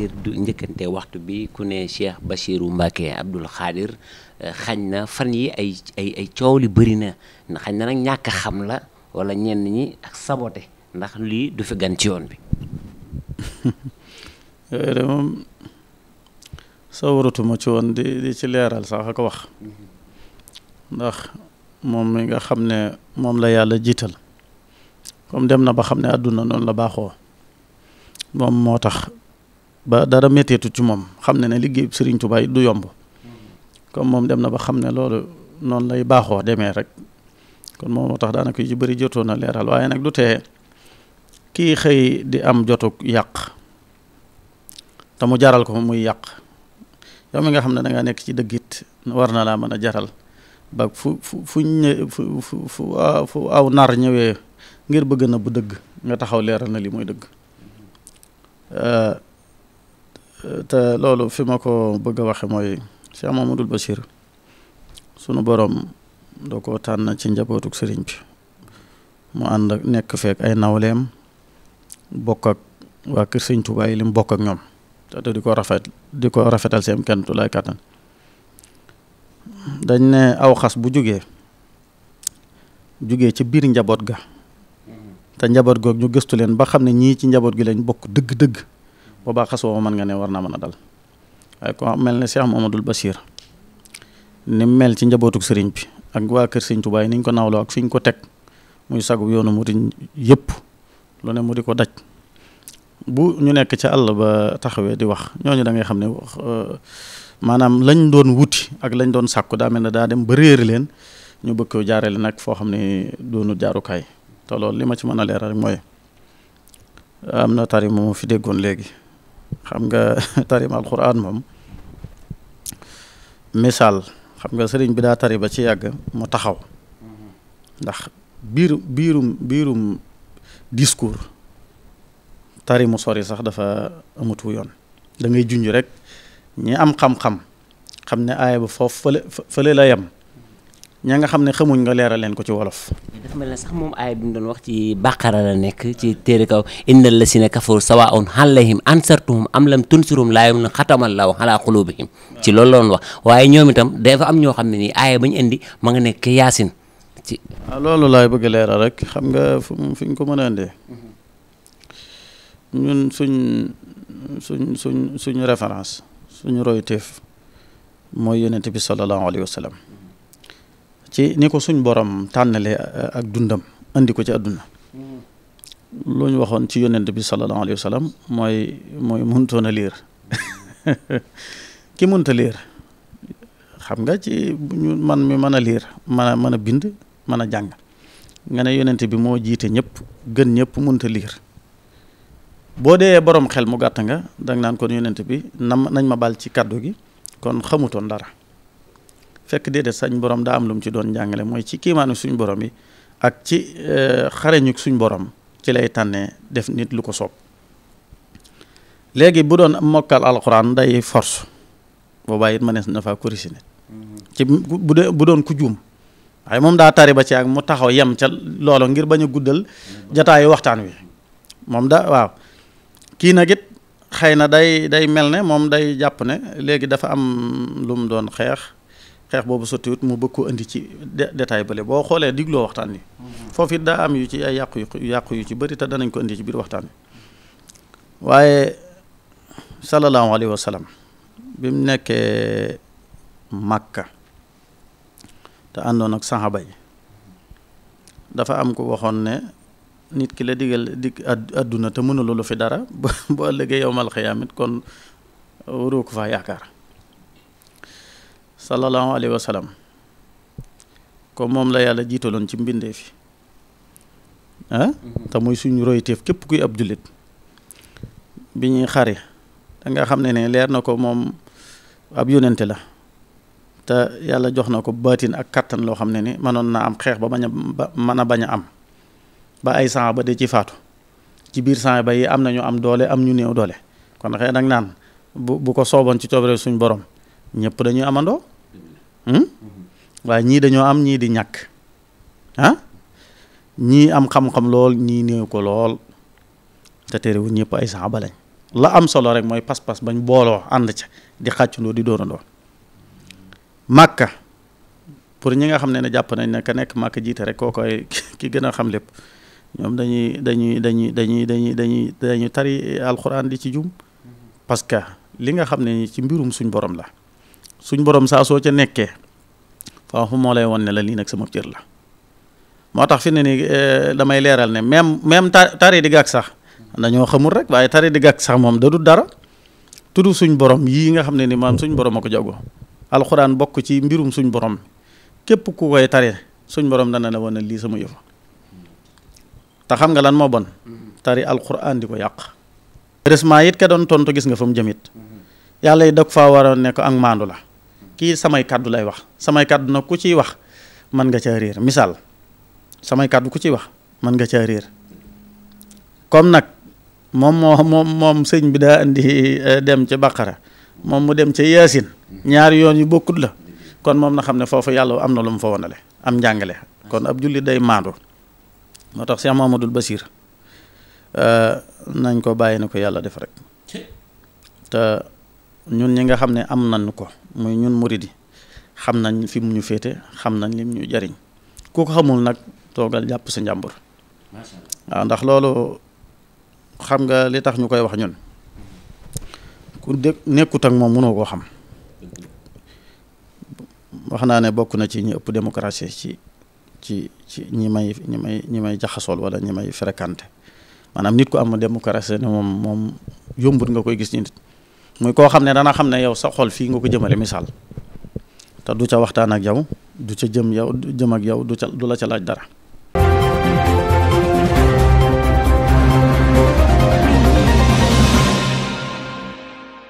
ngir du njëkkante waxtu bi ku ne Cheikh Bachirou Mbacké Abdoul Khadir eh, xañ na fan yi ay coow li bëri na xañ na nag ñàkk xam la wala ñenn ñi ak saboté ndax lii du fi gan ci yoon bi. yooyu de ci woon di ci leeral sax ak wax ndax moom mi nga xam ne moom la yàlla jiital comme dem na ba xam ne àdduna noonu la baaxoo moom moo tax ba dara métteetu ci moom xam ne ne liggéey Serigne Touba du yomb comme moom dem na ba xam ne loolu noonu lay baaxoo demee rek kon moom moo tax daanaka yu ci bari jotoon na leeral waaye nag du tee kii xëy di am jotug yàq te mu jaral ko muy yàq yow mi nga xam ne danga nekk ci dëggit war na laa mën a jaral ba fu fu fu fu aw nar ñëwee ngir bëgg na bu dëgg nga taxaw leeral na li muy dëgg. te loolu fi ma ko bëgg a waxe mooy Cheikh dul Bachir sunu boroom doo ko tànn ci njabootuk sëriñ bi mu ànd nekk feek ay nawleem bokk ak waa kër sëñ Tuubaa lim bokk ak ñoom te di ko rafet di ko rafetal seen kenn tu lay kàttan dañ ne aw xas bu jugee jugee ci biir njaboot ga mm-hmm. te njaboot goog ñu gëstu leen ba xam ne ñii ci njaboot gi lañ bokk dëgg-dëgg boobaa xas woo mën nga ne war naa mën a dal waaye ko mel ne Cheikh Mamadou basiir ni mel ci njabootuk sëriñ bi ak waa kër sëriñ Tuubaa yi ni ñu ko nawloo ak fi ñu ko teg muy sagu yoonu mu di yëpp lu ne mu di ko daj bu ñu nekk ca àll ba taxawee di wax ñooñu da ngay xam ne euh, maanaam lañ doon wuti ak lañ doon sàkku daa mel na daa dem ba réer leen ñu bëkkoo ko jaaree nag foo xam ne doonu jaarukaay te loolu li ma ci mën a leeral mooy am na tari moom fi déggoon léegi. xam nga tarim alquran moom misaal xam nga sëriñ bi daa tari ba ci yàgg mu taxaw ndax biiru biirum biirum discours tari mu sori sax dafa amatu yoon da ngay junj rek ñi am xam-xam xam ne aaya ba foofu fële fële la yem ña nga xam ne xamuñ nga leeral leen ko ci wolof. dafa mel sax moom aaya bi mu doon wax ci bàqara la nekk ci téere kaw innal lasina kafaru sawaa'un alayhim ansartuhum am lam tunsirum laa yu'minuun xatamallaahu alaa quluubihim ci loolu loon wax waaye ñoom itam dafa am ñoo xam ne nii aaya ba ñu indi ma nga nekk yaasin ci. Ah, loolu laay bëgg leeral rek xam nga fu mu ñu ko mën a indee mm-hmm. ñun suñ suñ suñ suñu référence suñu royteef mooy yonent bi sallallahu alayhi wa ci ni ko suñ borom tànnalee eh, ak dundam indi ko ci àdduna mm. lu ñu waxoon ci yonent bi sallallahu alayhi wa sallam mooy mooy mënutoon a liir ki mënta liir xam nga ci ñu man mi mën a liir mën a mën a bind mën a jàng nga ne yonent bi moo jiite ñëpp gën ñëpp mënta liir boo dee borom xel mu gàtt nga danga naan kon yonent bi nam nañ ma bal ci kàddu gi kon xamutoon dara fekk déedéet sañ borom daa am lu mu ci doon njàngale mooy ci kiimaanu suñ borom yi ak ci euh, xareñu suñ boroom ci lay tànnee def nit lu ko soob léegi bu doon mokkal alxuraan day force boobaa it mënees na faa corriger mm-hmm. ci bu dee bu doon ku juum waaye moom daa tari ba ci ak mu taxaw yem ca loolo ngir bañ a guddal mm-hmm. jataayu waxtaan wi moom daa waaw kii nag it xëy na day day mel ne moom day jàpp ne léegi dafa am lu mu doon xeex xeex boobu sottiwut mu bëgg ko indi ci détail bale boo xoolee digloo waxtaan wi mm-hmm. foofu it daa am yu ci ay yàqu yu yu ci bëri te danañ ko indi ci biir waxtaan wi waaye sallallahu alayhi wa bi mu nekkee màkka te àndoon ak saxaba dafa am ko waxoon ne nit ki la digal dig àdduna te mënuloo lu fi dara bu ëllëgee yowmal xiyaamit kon waroo ko faa yaakaar sallallahu alayhi wa sallam moom la yàlla jiitaloon ci mbindee fi ah mm-hmm. te muy suñu royteef képp kuy ab jullit bi ñuy xare da nga xam ne ne leer na ko moom ab yónente la te yàlla jox na ko baatin ak kàttan loo xam ne ni mënoon naa am xeex ba bañ a mën a bañ a am ba ay ba de ci faatu ci biir ba yi am na ñu am doole am ñu néew doole kon xëy nag naan bu bu ko sooboon ci coobare suñ borom ñëpp dañuy amando Hmm? waaye ñii dañoo am ñii di ñàkk ah ñii am xam-xam lool ñii néew ko lool te terewul ñëpp ay saxaaba la am solo rek mooy pas-pas bañ booloo ànd ca di xàccundoo di doonandoo màkka pour ñi nga xam ne ne jàpp nañ ne nekk màkka jiite rek koo koy ki gën a xam lépp ñoom dañuy dañuy dañuy dañuy dañuy dañuy dañuy tari alxuraan di ci jum parce que li nga xam ne ci mbirum suñ borom la suñ borom saa soo ca nekkee foofu moo lay won ne la lii nag sama cër la moo tax fi ne ni eh, damay leeral ne même même tari di gàkk sax dañoo xamul rek waaye tari di gàkk sax moom da du dara tudd suñ borom yii nga xam ne ni maam suñ borom a ko jago alxuraan bokk ci mbirum suñ borom képp ku koy tari suñ borom dana la won ne lii sama yëfa te xam nga lan moo bon tari alxuraan di ko yàq heureusement it ka doon tontu gis nga fa mu jëmit yàlla yi dag fa waroon ne ak maandu la kii samay kàddu lay wax samay kàddu nag ku ciy wax mën nga caa réer misaal samay kàddu ku ciy wax mën nga caa réer comme nag moom moo moom moom sëñ bi daa indi eh, dem ci bàqara moom mu dem ci yaasin ñaari yoon yu bokkut la kon moom na xam ne foofu yàlla am na lu mu fa wonale am njàngale kon ab julli day maandu moo tax Cheikh Mamadou Basir eh, nañ ko bàyyi na ko yàlla def rek te ñun ñi nga xam ne am nañ ko muy ñun murid yi xam nañ fi mu ñu féete xam nañ lim ñu jariñ ku xamul nag toogal jàpp sa njàmbur waaw ndax loolu xam nga li tax ñu koy wax ñun ku de nekkut ak moom mënoo koo xam wax naa ne bokk na ci ñi ëpp démocratie ci ci ci ñi may ñi may ñi may jaxasool wala ñi may fréquenté maanaam nit ko am démocratie ne moom moom yombut nga koy gis ñi nit muy koo xam ne dana xam ne yow sa xol fii nga ko jëmale misaal te du ca waxtaan ak yow du ca jëm yow jëm ak yow du ca du la ca laaj dara